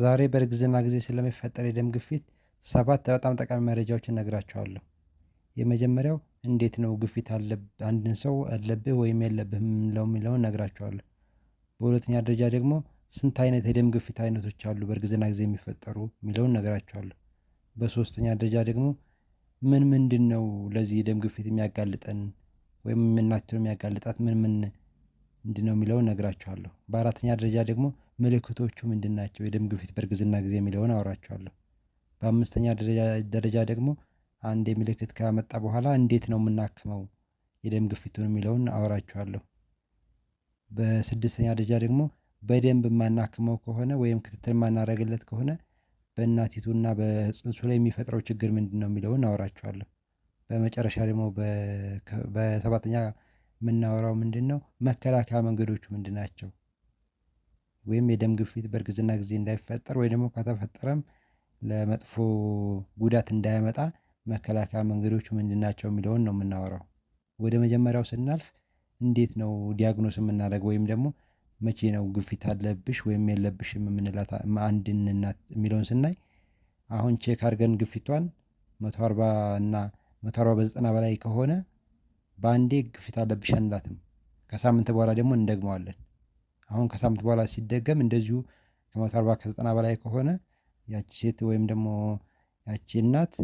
ዛሬ በእርግዝና ጊዜ ስለሚፈጠር የደም ግፊት ሰባት በጣም ጠቃሚ መረጃዎችን እነግራችኋለሁ። የመጀመሪያው እንዴት ነው ግፊት አንድን ሰው አለብህ ወይም የለብህ ለው የሚለውን እነግራችኋለሁ። በሁለተኛ ደረጃ ደግሞ ስንት አይነት የደም ግፊት አይነቶች አሉ በእርግዝና ጊዜ የሚፈጠሩ የሚለውን እነግራችኋለሁ። በሶስተኛ ደረጃ ደግሞ ምን ምንድን ነው ለዚህ የደም ግፊት የሚያጋልጠን ወይም የምናቸው የሚያጋልጣት ምን ምን ምንድን ነው የሚለውን እነግራችኋለሁ። በአራተኛ ደረጃ ደግሞ ምልክቶቹ ምንድን ናቸው? የደም ግፊት በእርግዝና ጊዜ የሚለውን አወራቸዋለሁ። በአምስተኛ ደረጃ ደግሞ አንዴ ምልክት ካመጣ በኋላ እንዴት ነው የምናክመው የደም ግፊቱን የሚለውን አወራችኋለሁ። በስድስተኛ ደረጃ ደግሞ በደንብ የማናክመው ከሆነ ወይም ክትትል የማናደርግለት ከሆነ በእናቲቱ እና በጽንሱ ላይ የሚፈጥረው ችግር ምንድን ነው የሚለውን አወራችኋለሁ። በመጨረሻ ደግሞ በሰባተኛ የምናወራው ምንድን ነው መከላከያ መንገዶቹ ምንድን ናቸው? ወይም የደም ግፊት በእርግዝና ጊዜ እንዳይፈጠር ወይ ደግሞ ከተፈጠረም ለመጥፎ ጉዳት እንዳያመጣ መከላከያ መንገዶቹ ምንድን ናቸው የሚለውን ነው የምናወራው። ወደ መጀመሪያው ስናልፍ እንዴት ነው ዲያግኖስ የምናደርገው ወይም ደግሞ መቼ ነው ግፊት አለብሽ ወይም የለብሽ የምንላት አንድን እናት የሚለውን ስናይ አሁን ቼክ አድርገን ግፊቷን መቶ አርባ እና መቶ አርባ በዘጠና በላይ ከሆነ በአንዴ ግፊት አለብሽ አንላትም። ከሳምንት በኋላ ደግሞ እንደግመዋለን። አሁን ከሳምንት በኋላ ሲደገም እንደዚሁ ከመቶ አርባ ከዘጠና በላይ ከሆነ ያቺ ሴት ወይም ደግሞ ያቺ እናት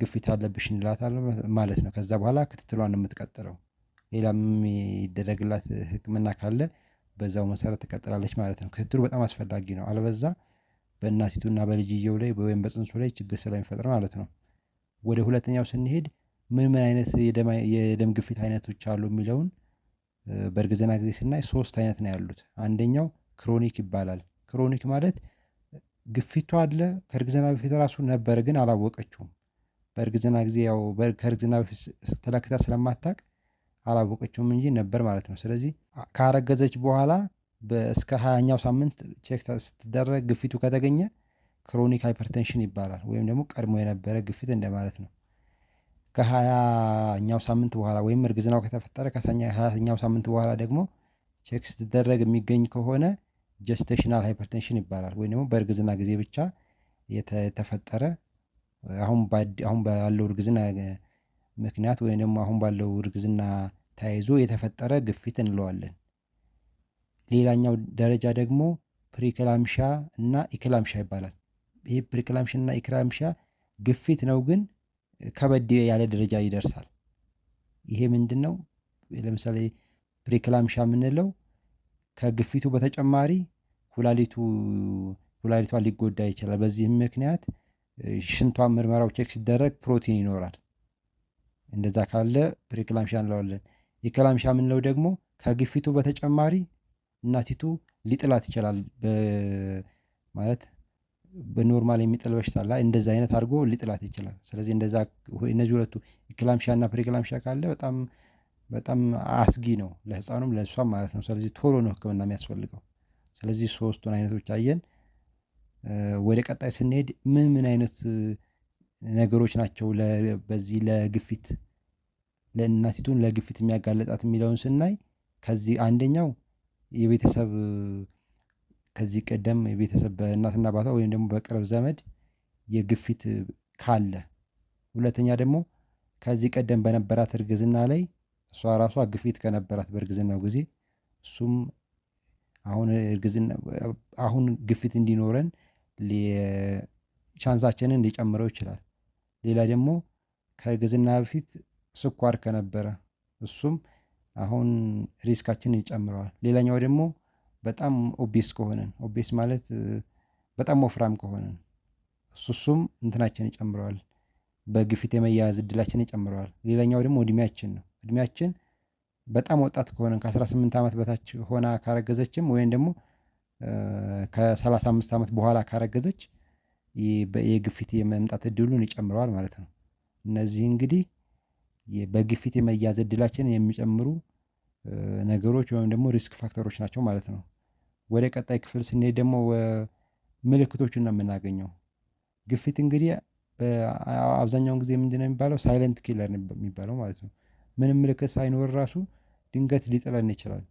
ግፊት አለብሽ እንላታለን ማለት ነው። ከዛ በኋላ ክትትሏን የምትቀጥለው ሌላም የሚደረግላት ሕክምና ካለ በዛው መሰረት ትቀጥላለች ማለት ነው። ክትትሉ በጣም አስፈላጊ ነው። አለበዛ በእናቲቱና በልጅየው ላይ ወይም በፅንሱ ላይ ችግር ስለሚፈጥር ማለት ነው። ወደ ሁለተኛው ስንሄድ ምን ምን አይነት የደም ግፊት አይነቶች አሉ የሚለውን በእርግዝና ጊዜ ስናይ ሶስት አይነት ነው ያሉት። አንደኛው ክሮኒክ ይባላል። ክሮኒክ ማለት ግፊቱ አለ ከእርግዝና በፊት ራሱ ነበር፣ ግን አላወቀችውም። በእርግዝና ጊዜ ያው ከእርግዝና በፊት ስትለክታ ስለማታቅ አላወቀችውም እንጂ ነበር ማለት ነው። ስለዚህ ካረገዘች በኋላ እስከ ሀያኛው ሳምንት ቼክ ስትደረግ ግፊቱ ከተገኘ ክሮኒክ ሃይፐርቴንሽን ይባላል። ወይም ደግሞ ቀድሞ የነበረ ግፊት እንደማለት ነው። ከሀያኛው ሳምንት በኋላ ወይም እርግዝናው ከተፈጠረ ከሀያኛው ሳምንት በኋላ ደግሞ ቼክ ስትደረግ የሚገኝ ከሆነ ጀስቴሽናል ሃይፐርቴንሽን ይባላል። ወይም ደግሞ በእርግዝና ጊዜ ብቻ የተፈጠረ አሁን ባለው እርግዝና ምክንያት ወይም ደግሞ አሁን ባለው እርግዝና ተያይዞ የተፈጠረ ግፊት እንለዋለን። ሌላኛው ደረጃ ደግሞ ፕሪክላምሻ እና ኢክላምሻ ይባላል። ይህ ፕሪክላምሻ እና ኢክላምሻ ግፊት ነው ግን ከበድ ያለ ደረጃ ይደርሳል። ይሄ ምንድን ነው? ለምሳሌ ፕሪክላምሻ የምንለው ከግፊቱ በተጨማሪ ኩላሊቱ ኩላሊቷ ሊጎዳ ይችላል። በዚህም ምክንያት ሽንቷ ምርመራው ቼክ ሲደረግ ፕሮቲን ይኖራል። እንደዛ ካለ ፕሪክላምሻ እንለዋለን። የክላምሻ የምንለው ደግሞ ከግፊቱ በተጨማሪ እናቲቱ ሊጥላት ይችላል ማለት በኖርማል የሚጥል በሽታ ላይ እንደዚ አይነት አድርጎ ሊጥላት ይችላል። ስለዚህ እንደዛ እነዚህ ሁለቱ ክላምሻ እና ፕሪክላምሻ ካለ በጣም በጣም አስጊ ነው ለህፃኑም ለእሷም ማለት ነው። ስለዚህ ቶሎ ነው ህክምና የሚያስፈልገው። ስለዚህ ሶስቱን አይነቶች አየን። ወደ ቀጣይ ስንሄድ ምን ምን አይነት ነገሮች ናቸው በዚህ ለግፊት ለእናቲቱን ለግፊት የሚያጋለጣት የሚለውን ስናይ ከዚህ አንደኛው የቤተሰብ ከዚህ ቀደም ቤተሰብ በእናትና አባቷ ወይም ደግሞ በቅርብ ዘመድ የግፊት ካለ፣ ሁለተኛ ደግሞ ከዚህ ቀደም በነበራት እርግዝና ላይ እሷ ራሷ ግፊት ከነበራት በእርግዝናው ጊዜ እሱም አሁን አሁን ግፊት እንዲኖረን ቻንሳችንን ሊጨምረው ይችላል። ሌላ ደግሞ ከእርግዝና በፊት ስኳር ከነበረ እሱም አሁን ሪስካችንን ይጨምረዋል። ሌላኛው ደግሞ በጣም ኦቤስ ከሆነን ኦቤስ ማለት በጣም ወፍራም ከሆነን እሱሱም እንትናችን ይጨምረዋል፣ በግፊት የመያያዝ እድላችን ይጨምረዋል። ሌላኛው ደግሞ እድሜያችን ነው። እድሜያችን በጣም ወጣት ከሆነን ከ18 ዓመት በታች ሆና ካረገዘችም ወይም ደግሞ ከ35 ዓመት በኋላ ካረገዘች የግፊት የመምጣት እድሉን ይጨምረዋል ማለት ነው። እነዚህ እንግዲህ በግፊት የመያዝ እድላችንን የሚጨምሩ ነገሮች ወይም ደግሞ ሪስክ ፋክተሮች ናቸው ማለት ነው። ወደ ቀጣይ ክፍል ስንሄድ ደግሞ ምልክቶችን ነው የምናገኘው። ግፊት እንግዲህ አብዛኛውን ጊዜ ምንድነው የሚባለው ሳይለንት ኪለር የሚባለው ማለት ነው። ምንም ምልክት ሳይኖር ራሱ ድንገት ሊጥለን ይችላል።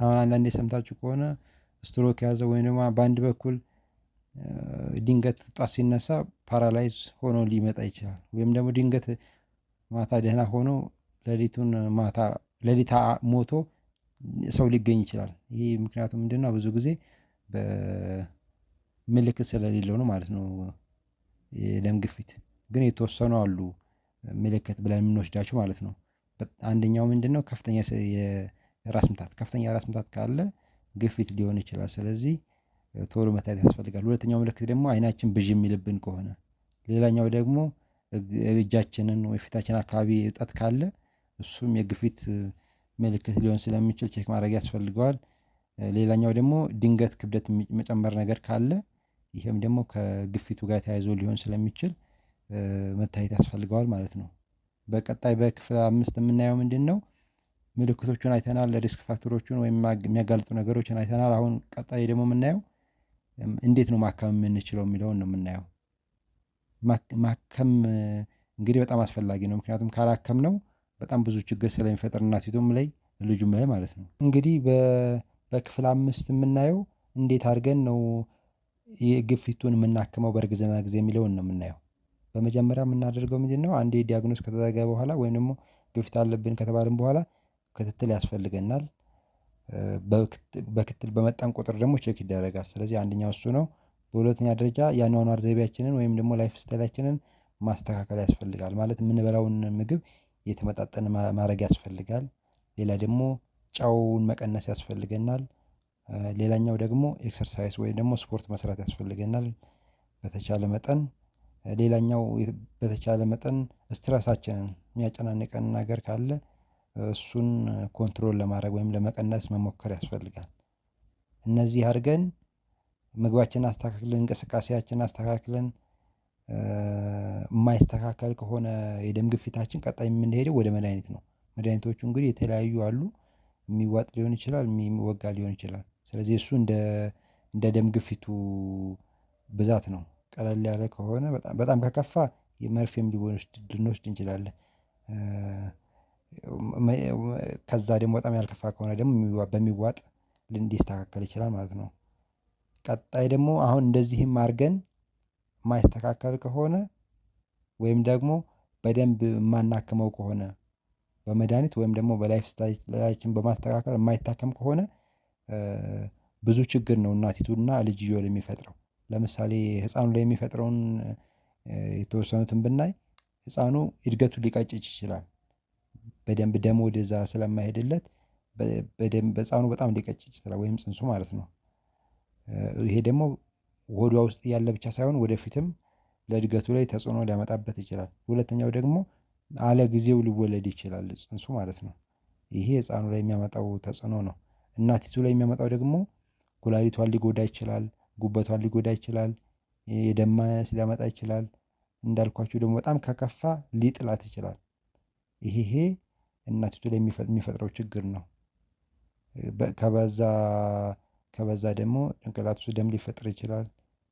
አሁን አንዳንዴ ሰምታችሁ ከሆነ ስትሮክ የያዘ ወይም ደግሞ በአንድ በኩል ድንገት ጧት ሲነሳ ፓራላይዝ ሆኖ ሊመጣ ይችላል። ወይም ደግሞ ድንገት ማታ ደህና ሆኖ ሌሊቱን ማታ ሌሊታ ሞቶ ሰው ሊገኝ ይችላል። ይህ ምክንያቱም ምንድነው ብዙ ጊዜ ምልክት ስለሌለው ነው ማለት ነው። የደም ግፊት ግን የተወሰኑ አሉ ምልክት ብለን የምንወስዳቸው ማለት ነው። አንደኛው ምንድነው ከፍተኛ የራስ ምታት ከፍተኛ የራስ ምታት ካለ ግፊት ሊሆን ይችላል። ስለዚህ ቶሎ መታየት ያስፈልጋል። ሁለተኛው ምልክት ደግሞ አይናችን ብዥ የሚልብን ከሆነ ሌላኛው ደግሞ እጃችንን ወይ ፊታችን አካባቢ እብጠት ካለ እሱም የግፊት ምልክት ሊሆን ስለሚችል ቼክ ማድረግ ያስፈልገዋል። ሌላኛው ደግሞ ድንገት ክብደት መጨመር ነገር ካለ ይህም ደግሞ ከግፊቱ ጋር ተያይዞ ሊሆን ስለሚችል መታየት ያስፈልገዋል ማለት ነው። በቀጣይ በክፍል አምስት የምናየው ምንድን ነው? ምልክቶቹን አይተናል። ሪስክ ፋክተሮቹን ወይም የሚያጋልጡ ነገሮችን አይተናል። አሁን ቀጣይ ደግሞ የምናየው እንዴት ነው ማከም የምንችለው የሚለውን ነው የምናየው። ማከም እንግዲህ በጣም አስፈላጊ ነው። ምክንያቱም ካላከም ነው በጣም ብዙ ችግር ስለሚፈጥር እናቲቱም ላይ ልጁም ላይ ማለት ነው። እንግዲህ በክፍል አምስት የምናየው እንዴት አድርገን ነው ግፊቱን የምናክመው በእርግዝና ጊዜ የሚለውን ነው የምናየው። በመጀመሪያ የምናደርገው ምንድን ነው? አንዴ ዲያግኖስ ከተደረገ በኋላ ወይም ደግሞ ግፊት አለብን ከተባልን በኋላ ክትትል ያስፈልገናል። በክትል በመጣን ቁጥር ደግሞ ቼክ ይደረጋል። ስለዚህ አንደኛው እሱ ነው። በሁለተኛ ደረጃ የአኗኗር ዘይቤያችንን ወይም ደግሞ ላይፍ ስታይላችንን ማስተካከል ያስፈልጋል። ማለት የምንበላውን ምግብ የተመጣጠነ ማድረግ ያስፈልጋል። ሌላ ደግሞ ጨውን መቀነስ ያስፈልገናል። ሌላኛው ደግሞ ኤክሰርሳይዝ ወይም ደግሞ ስፖርት መስራት ያስፈልገናል። በተቻለ መጠን ሌላኛው በተቻለ መጠን ስትረሳችንን የሚያጨናንቀን ነገር ካለ እሱን ኮንትሮል ለማድረግ ወይም ለመቀነስ መሞከር ያስፈልጋል። እነዚህ አድርገን ምግባችንን አስተካክለን እንቅስቃሴያችንን አስተካክለን የማይስተካከል ከሆነ የደም ግፊታችን ቀጣይ የምንሄደው ወደ መድሃኒት ነው። መድኃኒቶቹ እንግዲህ የተለያዩ አሉ የሚዋጥ ሊሆን ይችላል የሚወጋ ሊሆን ይችላል ስለዚህ እሱ እንደ ደም ግፊቱ ብዛት ነው ቀለል ያለ ከሆነ በጣም ከከፋ መርፌም ሊወስድ ልንወስድ እንችላለን። ከዛ ደግሞ በጣም ያልከፋ ከሆነ ደግሞ በሚዋጥ ሊስተካከል ይችላል ማለት ነው። ቀጣይ ደግሞ አሁን እንደዚህም አድርገን የማይስተካከል ከሆነ ወይም ደግሞ በደንብ የማናክመው ከሆነ በመድኃኒት ወይም ደግሞ በላይፍ ስታይላችን በማስተካከል የማይታከም ከሆነ ብዙ ችግር ነው እናቲቱና ልጅየው ልጅየ የሚፈጥረው። ለምሳሌ ህፃኑ ላይ የሚፈጥረውን የተወሰኑትን ብናይ ህፃኑ እድገቱ ሊቀጭጭ ይችላል። በደንብ ደሞ ወደዛ ስለማይሄድለት በደንብ ህፃኑ በጣም ሊቀጭጭ ይችላል ወይም ፅንሱ ማለት ነው። ይሄ ደግሞ ሆዷ ውስጥ ያለ ብቻ ሳይሆን ወደፊትም ለእድገቱ ላይ ተጽዕኖ ሊያመጣበት ይችላል። ሁለተኛው ደግሞ አለ ጊዜው ሊወለድ ይችላል ጽንሱ ማለት ነው። ይሄ ህፃኑ ላይ የሚያመጣው ተጽዕኖ ነው። እናቲቱ ላይ የሚያመጣው ደግሞ ኩላሊቷን ሊጎዳ ይችላል ጉበቷን ሊጎዳ ይችላል። የደም ማነስ ሊያመጣ ይችላል። እንዳልኳቸው ደግሞ በጣም ከከፋ ሊጥላት ይችላል። ይሄ እናቲቱ ላይ የሚፈጥረው ችግር ነው። ከበዛ ከበዛ ደግሞ ጭንቅላት ውስጥ ደም ሊፈጥር ይችላል።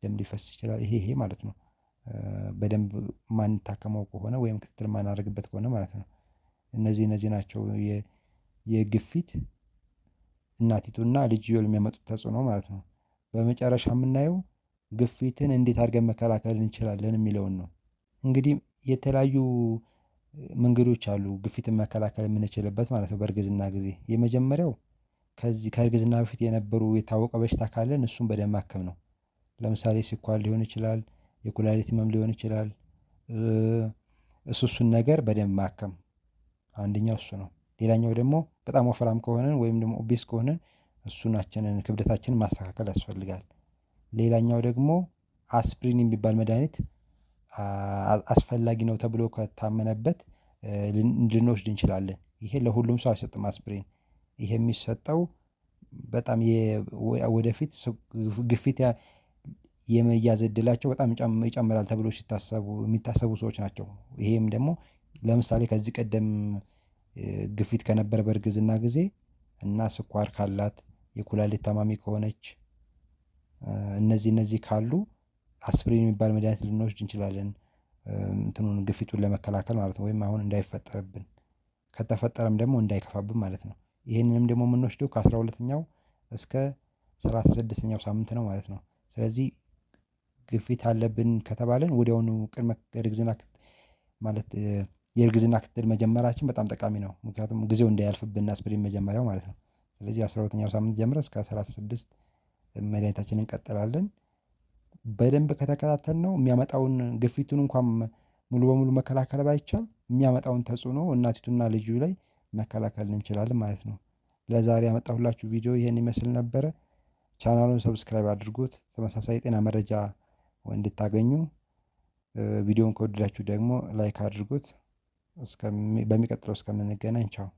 ደም ሊፈስ ይችላል። ይሄ ይሄ ማለት ነው። በደንብ ማንታከመው ከሆነ ወይም ክትትል ማናደርግበት ከሆነ ማለት ነው። እነዚህ እነዚህ ናቸው የግፊት እናቲቱና ልጅየው የሚያመጡት ተጽዕኖ ማለት ነው። በመጨረሻ የምናየው ግፊትን እንዴት አድርገን መከላከል እንችላለን የሚለውን ነው። እንግዲህ የተለያዩ መንገዶች አሉ ግፊትን መከላከል የምንችልበት ማለት ነው። በእርግዝና ጊዜ የመጀመሪያው ከዚህ ከእርግዝና በፊት የነበሩ የታወቀ በሽታ ካለን እሱን በደንብ ማከም ነው ለምሳሌ ስኳር ሊሆን ይችላል፣ የኩላሊት ህመም ሊሆን ይችላል። እሱሱን ነገር በደንብ ማከም አንደኛው እሱ ነው። ሌላኛው ደግሞ በጣም ወፍራም ከሆነን ወይም ደግሞ ኦቤስ ከሆነን እሱናችንን ክብደታችንን ማስተካከል ያስፈልጋል። ሌላኛው ደግሞ አስፕሪን የሚባል መድሃኒት አስፈላጊ ነው ተብሎ ከታመነበት ልንወስድ እንችላለን። ይሄ ለሁሉም ሰው አይሰጥም። አስፕሪን ይሄ የሚሰጠው በጣም ወደፊት ግፊት የመያዝ እድላቸው በጣም ይጨምራል ተብሎ የሚታሰቡ ሰዎች ናቸው። ይሄም ደግሞ ለምሳሌ ከዚህ ቀደም ግፊት ከነበረ በእርግዝና ጊዜ እና ስኳር ካላት የኩላሊት ታማሚ ከሆነች እነዚህ እነዚህ ካሉ አስፕሪን የሚባል መድኃኒት ልንወስድ እንችላለን። እንትኑን ግፊቱን ለመከላከል ማለት ነው። ወይም አሁን እንዳይፈጠርብን ከተፈጠረም ደግሞ እንዳይከፋብን ማለት ነው። ይህንንም ደግሞ የምንወስደው ከአስራ ሁለተኛው እስከ ሰላሳ ስድስተኛው ሳምንት ነው ማለት ነው። ስለዚህ ግፊት አለብን ከተባለን ወዲያውኑ ቅድመ እርግዝና ማለት የእርግዝና ክትትል መጀመራችን በጣም ጠቃሚ ነው። ምክንያቱም ጊዜው እንዳያልፍብን አስፕሪን መጀመሪያው ማለት ነው። ስለዚህ አስራ ሁለተኛው ሳምንት ጀምረ እስከ ሰላሳ ስድስት እንቀጥላለን። በደንብ ከተከታተል ነው የሚያመጣውን ግፊቱን እንኳን ሙሉ በሙሉ መከላከል ባይቻል የሚያመጣውን ተጽዕኖ እናቲቱና ልጁ ላይ መከላከል እንችላለን ማለት ነው። ለዛሬ ያመጣሁላችሁ ቪዲዮ ይህን ይመስል ነበረ። ቻናሉን ሰብስክራይብ አድርጉት። ተመሳሳይ የጤና መረጃ እንድታገኙ ቪዲዮውን ከወደዳችሁ ደግሞ ላይክ አድርጉት። በሚቀጥለው እስከምንገናኝ ቻው።